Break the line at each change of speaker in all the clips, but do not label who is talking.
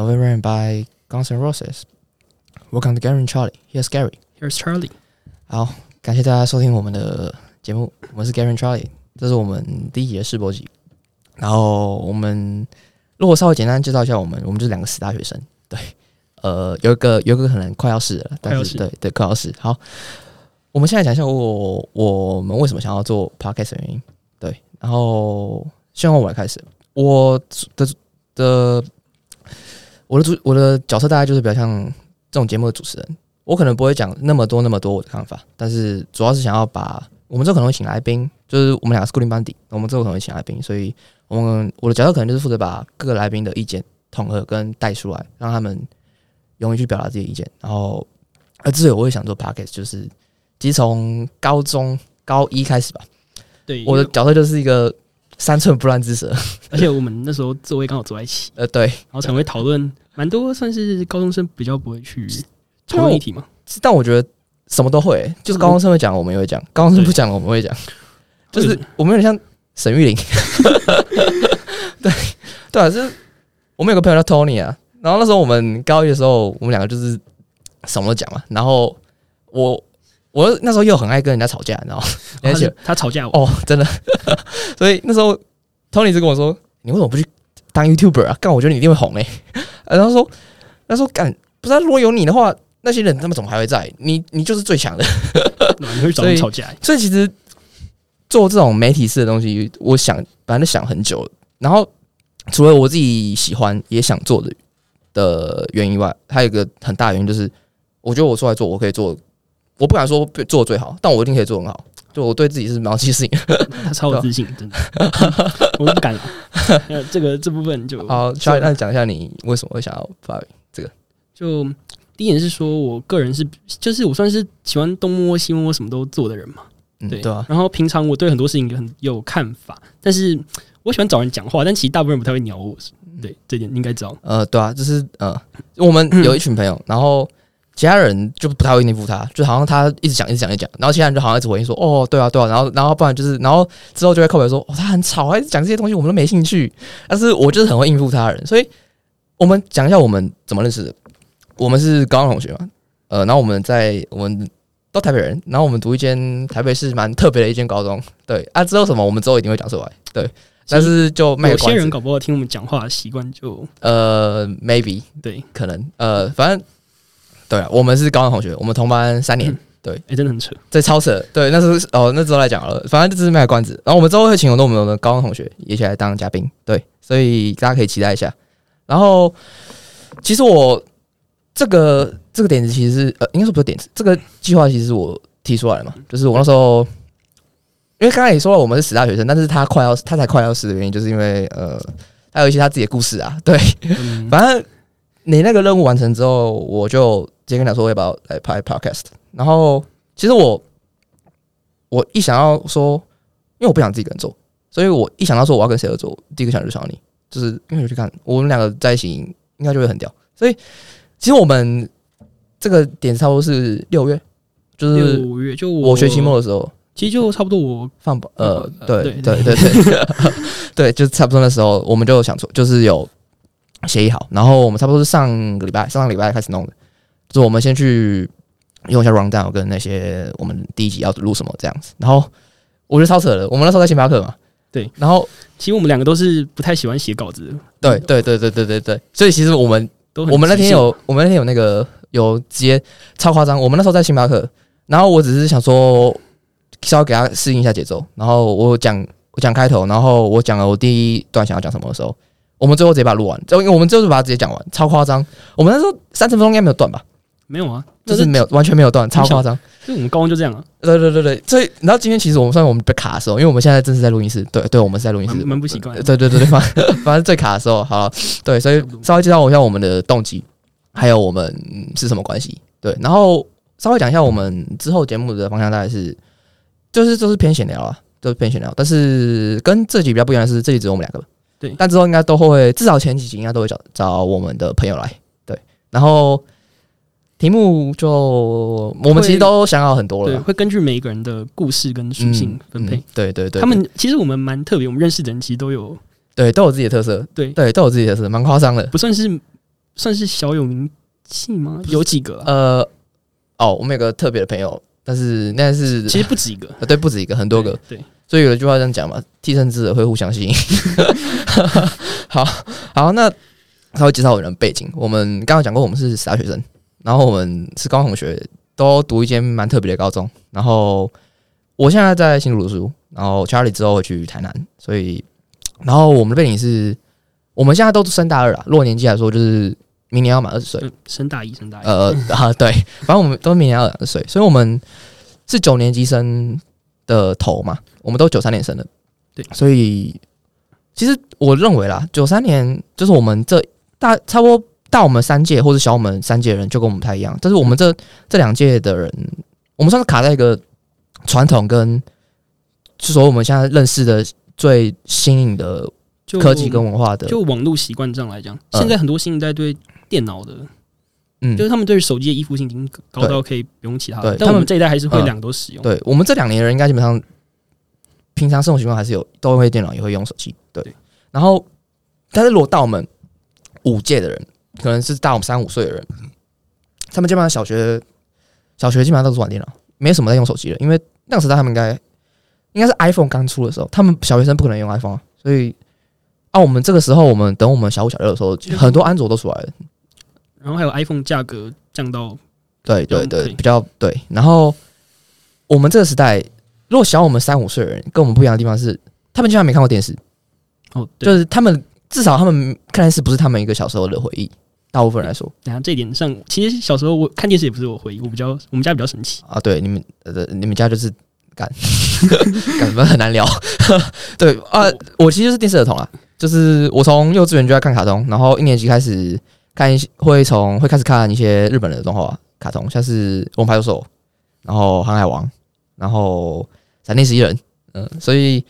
November by Guns N' Roses. Welcome to Gary and Charlie. Here's Gary. Here's Charlie. 好，感謝大家收聽我們的節目。我們是 Gary and Charlie，這是我們第一節試播集。然後我們如果稍微簡單介紹一下我們，我們就是兩個死大學生。對，呃，有一個有一個可能快要死了，但是對對，快要死。好，我們現在講一下我我們為什麼想要做 podcast 的原因。對，然後先從我來開始，我的的。的我的主，我的角色大概就是比較像這種節目的主持人，我可能不會講那麼多那麼多我的看法，但是主要是想要把我們這可能會請來賓，就是我們倆是固定班底，我們這可能會請來賓，所以我們我的角色可能就是負責把各個來賓的意見統合跟帶出來，讓他們容易去表達自己的意見。然後而之所以我會想做 Podcast，就是其實從高中高一開始吧，我的角色就是一個三寸不爛之舌，
而且我們那時候座位剛好坐在一起， 呃對，然後才會討論。蠻多算是高中生比較不會去創意題嘛，
我但我覺得什麼都會、欸，就是高中生會講，我們也會講；高中生不講，我們會講。就是我們有點像沈玉琳 對對啊，就是我們有個朋友叫 Tony 啊。然後那時候我們高一的時候，我們兩個就是什麼都講嘛。然後我我那時候又很愛跟人家吵架，然後，然後 而且他吵架我哦，真的。 所以那時候 Tony 就跟我說：“你為什麼不去當 YouTuber 啊？幹，我覺得你一定會紅嘞、欸。然後說，他說幹，不知道如果有你的話，那些人他們怎麼還會在？你你就是最強的，你
會找你吵架。 所，
所以其實做這種媒體式的東西，我想反正想很久。然後除了我自己喜歡也想做的的原因外，還有一個很大的原因就是，我覺得我出來做，我可以做，我不敢說做最好，但我一定可以做很好。就我對自己是蠻有自信，他超有自信， 真的， 我都不敢。
這個這部分就好，稍微那
講一下，你為什麼會想要發這個？
就第一點是說我個人是，就是我算是喜歡東摸西摸，什麼都做的人嘛。對、
嗯對
啊、然後平常我對很多事情就很有看法，但是我喜歡找人講話，但其實大部分人不太會鳥我。對，這、嗯、點應該知
道。呃，對啊，就是呃， 我們有一群朋友，然後。其他人就不太會應付他，就好像他一直講、一直講、一直講，然後其他人就好像一直回應說：“哦，對啊，對啊。”然後，然後不然就是，然後之後就會靠北說：“哦，他很吵，啊，講這些東西，我們都沒興趣。”但是我就是很會應付他人，所以我們講一下我們怎麼認識的。我們是高中同學嘛？呃，然後我們在我們都台北人，然後我們讀一間台北市蠻特別的一間高中。對啊，之後什麼？我們之後一定會講出來。對，但是就賣個關子，有些人
搞不好聽我們講話的習慣就
呃 maybe 對可能呃反正。對，我們是高中同學，我們同班三年、嗯。對，哎，真的很扯，這超扯。對，那時候哦，那時候來、哦、講好了，反正就是賣關子。然後我們之後會請很多我們的高中同學一起來當嘉賓。對，所以大家可以期待一下。然後，其實我這個這個點子，其實是呃應該說不是點子，這個計劃其實是我提出來了嘛，就是我那時候因為剛剛也說了，我們是死大學生，但是他快要他才快要死的原因，就是因為呃，還有一些他自己的故事啊。對，反正你那個任務完成之後，我就。直接跟他說：“我要不要來拍 podcast？” 然後，其實我我一想要說，因為我不想自己一個人做，所以我一想到說我要跟誰合作，第一個想到就是想到你，就是因為我去看我們兩個在一起應該就會很屌。所以，其實我們這個點差不多是六月，就是六月就我學期末的時候，其實就差不多我放榜。呃，對對對對 對，就差不多那時候，我們就想做，就是有協議好，然後我們差不多是上個禮拜上個禮拜開始弄的。就我們先去用一下 rundown，跟那些我們第一集要錄什麼這樣子。然後我覺得超扯的，我們那時候在星巴克嘛。對。然後其實我們兩個都是不太喜歡寫稿子。對對對對對對對,對。所以其實我們我們那天有我們那天有那個有直接超誇張。我們那時候在星巴克，然後我只是想說，稍微給他適應一下節奏。然後我講我講開頭，然後我講了我第一段想要講什麼的時候，我們最後直接把它錄完，就因為我們最後就把它直接講完，超誇張。我們那時候三十分鐘應該沒有斷吧？沒有啊，就是沒有，完全沒有斷，超誇張。就我們高中就這樣啊，對對對對，所以，然後今天其實我們算我們卡的時候，因為我們現在正是在錄音室，對對，我們在錄音室，我們不習慣。對對對對，對，反反正最卡的時候，好了，對，所以稍微介紹一下我們的動機，還有我們是什麼關係。對，然後稍微講一下我們之後節目的方向大概是，就是就是偏閒聊啊，就是偏閒聊，但是跟這集比較不一樣的是，這裡只有我們兩個，對，但之後應該都會，至少前幾集應該都會找找我們的朋友來，對，然後。題目就我們其實都想好很多了，對，會
根據每一個人的故事跟屬性分配，嗯嗯。對
對對，對，他們
其實我們蠻特別，我們認識的人其實都有，
對，都有自己的特色。對對，都有自己的特色，蠻誇張的。不算是算是小有名
氣嗎？有
幾個、啊？呃，哦，我們有個特別的朋友，但是那是其實不止一個， 對，不止一個，很多個。對，對所以有一句話這樣講嘛，替身之者會互相吸引 好。好好，那稍微介紹我的背景，我們剛剛講過，我們是其學生。然後我們是高中同學，都讀一間蠻特別的高中。然後我現在在新竹讀書，然後查理之後會去台南。所以，然後我們的背景是，我們現在都升大二了啦。若年紀來說，就是明年要滿二十歲、嗯。升大一，升大一。呃，啊，對，反正我們都明年要二十歲， 所以我們是九年級生的頭嘛。我們都九三年生的，對。所以，其實我認為啦，九三年就是我們這大差不多大我們三屆或者小我們三屆人就跟我們不太一樣，但是我們這這兩屆的人，我們算是卡在一個傳統跟，所說我們現在認識的最新穎的科技跟文化的，就,就
網絡習慣上來講，現在很多新一代對電腦的，嗯，就是他們對於手機的依附性已經高到可以不用其他的對對，但我們這一代還是會兩個都使用。嗯、對
我們這兩年的人，應該基本上平常生活習慣還是有都會電腦也會用手機，對。然後，但是如果到我們五屆的人。可能是大我們三五歲的人，他們基本上小學、小學基本上都是玩電腦，沒什麼在用手機了。因為那個時代他們應該應該是 iPhone 剛出的時候，他們小學生不可能用 iPhone 啊，所以啊，我們這個時候，我們等我們小五、小六的時候，嗯、很多安卓都出來了，
然後還有 iPhone 價格降到
對對對比較對。然後我們這個時代，如果小我們三五歲的人，跟我們不一樣的地方是，他們竟然沒看過電視哦，就是他們至少他們看電視不是他們一個小時候的回憶，大部分人來說，
然後這一點上，其實小時候我看電視也不是我回憶，我比較我們
家比較神奇啊對。對你們呃，你們家就是感，感覺 很難聊。 對啊，我，我其實就是電視兒童啊，就是我從幼稚園就在看卡通，然後一年級開始看一些，會從會開始看一些日本人的動畫、啊、卡通，像是《烏龍派出所》，然後《航海王》，然後《閃電十一人》。嗯，所以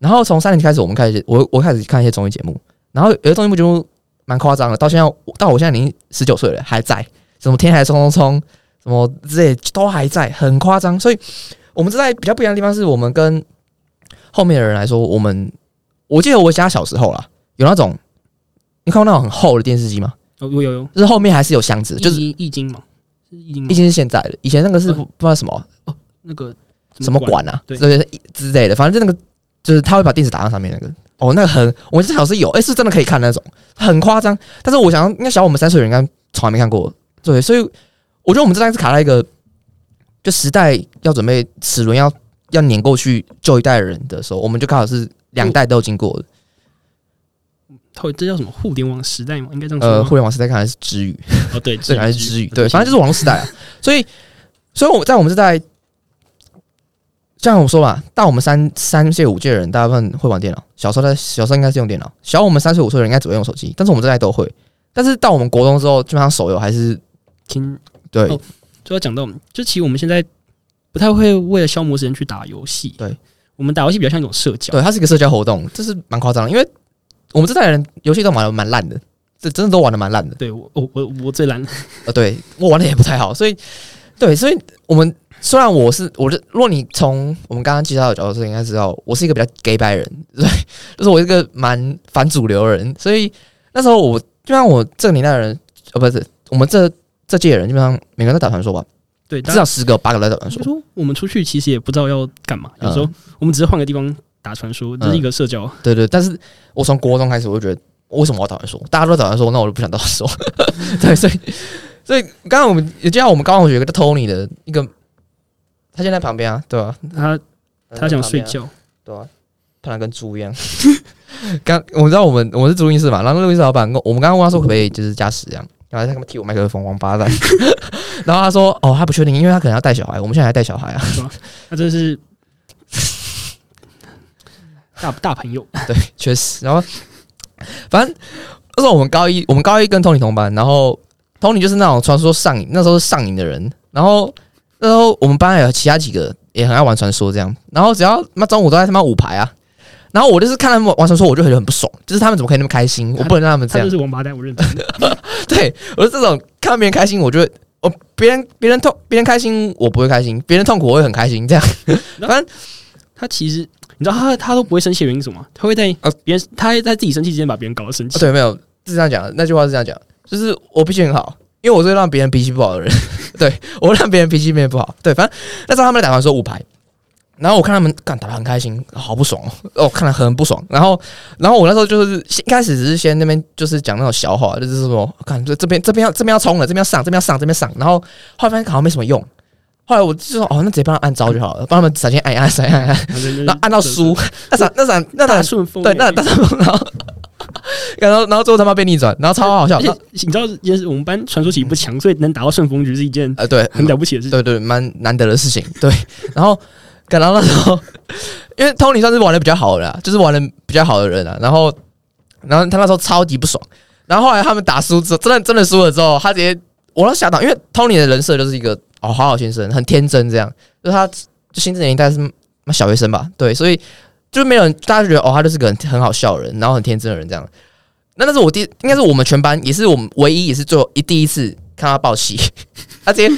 然後從三年級開始我，我們開始我我開始看一些綜藝節目，然後有些綜藝節目。蠻誇張的，到現在，到我現在已經十九歲了，還在什麼天還衝衝衝，什麼之類的都還在，很誇張。所以，我們這代比較不一樣的地方是，我們跟後面的人來說，我們我記得我家小時候啦，有那種，你看過那種很厚的電視機嗎？我、哦、有，有有，就是後面還是有箱子，就是
液晶嘛，液晶，是現
在的，以前那個是不、呃、不知道什麼、啊、哦，那個
麼、
啊、什麼管啊，對、對、對，對之類的，反正就那個，就是他會把電視打到上面那個。哦、oh，那個很，我們至少是有，哎、欸，是，是真的可以看那種，很誇張。但是我想，應該小我們三歲的人應該從來沒看過，對。所以我覺得我們這代是卡在一個，就時代要準備齒輪要要碾過去救一代的人的時候，我們就剛好是兩代都有經過的。
互這叫什麼互聯網時代嗎？應該這樣說。呃，互聯
網時代看來是支語，哦對，對，看來是支語，對，反正就是網絡時代啊。所以，所以我在我們這代。像我說吧，大我們三三歲五歲人，大部分會玩電腦。小時候，他小時候應該是用電腦。小我們三歲五歲的人應該只會用手機，但是我們這代都會。但是到我們國中之後，基本上手遊還是挺對、哦。
就要講到，就其實我們現在不太會為了消磨時間去打遊戲。對，我們打遊戲比較像一種社
交，對，它是一個社交活動，這是蠻誇張。因為我們這代人遊戲都玩得蠻爛的，這真的都玩得蠻爛的。對我，我我我最爛啊、呃！對我玩得也不太好，所以對，所以我們。雖然我是，我是，如果你從我們剛剛介紹的角度說，應該知道，我是一個比較 gay 白人，對，就是我一個蠻反主流的人，所以那時候我就像我這個年代的人，呃、哦，不是我們這這屆人，基本上每個人都打傳說吧，對，至少十個八個都在打傳說。
說我們出去其實也不知道要幹嘛，有時候我們只是換個地方打傳
說，這、嗯就是一個社交。嗯、對，對對，但是我從國中開始我就覺得，為什麼我要打傳說？大家都打傳說，那我就不想打傳說。 對，所以所以剛剛我們也就像我們高中同學有一個叫 Tony 的一個。他現在旁邊啊，對啊他，他他想睡覺，啊、對啊，他跟豬一樣。 剛我知道我們我們是錄音室嘛，然後錄音室老板跟我們剛剛問他說可不可以就是加時這樣，然後他他媽踢我麥克風，王八蛋。 然後他說哦，他不確定，因為他可能要帶小孩，我們現在還帶小孩啊 他真是大大朋友，對，確實。然後反正那時候我們高一，我們高一跟 Tony 同班，然後 Tony 就是那種傳說上癮，那時候是上癮的人，然後。然後我們班還有其他幾個也很愛玩傳說，這樣，然後只要那中午都在他媽五排啊，然後我就是看他們玩傳說，我就很很不爽，就是他們怎麼可以那麼開心，我不能讓他們這樣。是王八蛋，我認真的。 對，我是這種看到別人開心，我覺得哦，別人別人痛，別人開心我不會開心，別人痛苦我會很開心，這樣。反正他其實你知道他他都不會生氣的原因是什
麼？他會在呃別人他會在自己生氣之前把別人搞得生氣，啊。對，沒
有是這樣講的，那句話是這樣講，就是我脾氣很好。因為我是讓別人脾氣不好的人 對，對我讓別人脾氣變不好。對，反正那時候他們打完說五排，然後我看他們幹打得很開心，好不爽哦，哦看得很不爽。然後，然後我那時候就是一開始只是先那邊就是講那種小話，就是說看這這邊這邊要這邊要衝了，這邊要上，這邊上，這邊上。然後後來發現好像沒什麼用，後來我就說哦，那直接幫他按招就好了，幫他們閃現，按按按按。一按一按然後按到輸，嗯嗯嗯嗯， 那閃那閃那順風，風對，那啥 然後，然後最後他媽被逆轉，然後超
好笑。你知道，也是我們班傳說級不強，所以能打到順風局是一件啊，對，很了不起的事情。嗯，對對對，
蠻難得的事情。對。然後，趕到那時候，因為 Tony 算是玩得比較好的，就是玩得比較好的人啊。然後，然後他那時候超級不爽。然後後來他們打輸之後，真的真的輸了之後，他直接我要下場，因為 Tony 的人設就是一個哦好好先生，很天真這樣。就是他就心智年齡大概是小學生吧，對，所以。就沒有人，大家覺得哦，他就是個很好笑的人，然後很天真的人這樣。那那是我第，應該是我們全班也是我們唯一也是最後一第一次看他報喜。 他直接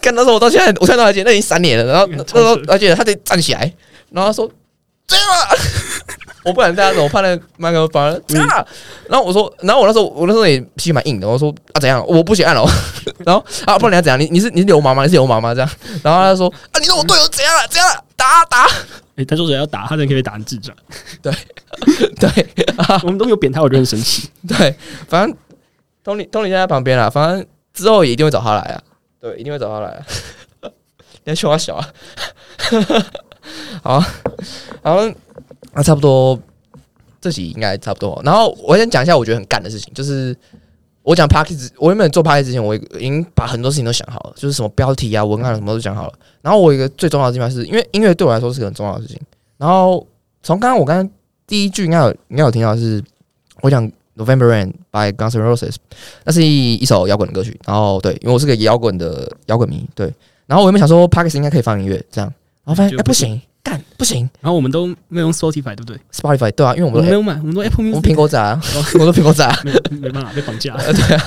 看到時候，我到現在我看到他姐那已經三年了。然後他說，而且他得站起來，然後他說對嗎？ 我不管怎走。我怕那麥克把這樣。然後我說，然後我那時候，我那時候也脾氣蠻硬的。我說啊，怎樣？我不喜歡了。 然後啊，不然你要怎樣，你你是你流氓嗎？你是流氓嗎？這樣。然後他說啊，你說我隊友怎樣了？嗯、怎樣了打、啊、打、啊？誒、欸，他說人要打，他就可以打你智障。對對，啊、 我們都有扁他，我覺得很生氣。對，反正 Tony Tony 在他旁邊了，反正之後也一定會找他來啊。對，一定會找他來啊。你 要笑他笑啊。 好，然後。那、啊、差不多，這集應該差不多。然後我先講一下我覺得很幹的事情，就是我講 Podcast 我原本做 Podcast 之前，我已經把很多事情都想好了，就是什麼標題啊、文案什麼，都講好了。然後我一個最重要的地方是，因為音樂對我來說是個很重要的事情。然後從剛剛我剛剛第一句應該有應該有聽到，是我講 November Rain by Guns N' Roses，那是一一首搖滾的歌曲。然後對，因為我是個搖滾的搖滾迷，對。然後我原本想說 Podcast 應該可以放音樂，這樣，然後發現哎不行。
不行，然後我們都沒有用 Spotify，
對不對？Spotify 對啊，因為我們都我沒有買，我們用 Apple Music，我們蘋果仔啊， 我們蘋果仔啊
沒辦法被綁架，
對啊，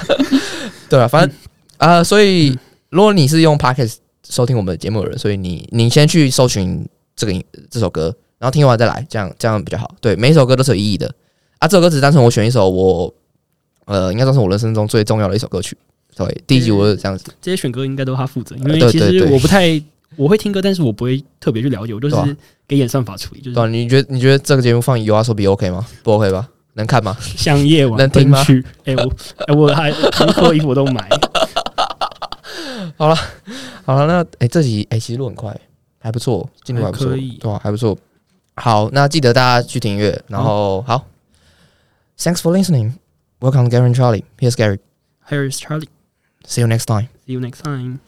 對啊，反正啊、嗯呃，所以、嗯、如果你是用 Podcast 收聽我們的節目的人，所以你你先去搜尋這個音這首歌，然後聽完再來，這樣這樣比較好。對，每一首歌都是有意義的啊，這首歌只是單純我選一首我呃，應該算是我人生中最重要的一首歌曲。對，第一集我是這樣子，
這些選歌應該都是他負責，因為其實、呃、對對對對我不
太。 我會聽歌，但是我不會特別去了解，我就是給演算法處理。就是、對，對、啊，你覺得你覺得這個節目放《U R SO B》OK 嗎？不 OK 吧？能看嗎？像夜我 能聽嗎？哎、
欸、我哎、欸、我還很多衣服我都
買。 好了好了，那哎、欸、這集哎、欸、其實錄很快，還不錯，進度還不錯，對、欸，還不錯。好，那記得大家去聽音樂，然後、嗯、好，Thanks for listening. Welcome Gary and Charlie. Here's Gary.
Here's Charlie. See you next time. See you next time.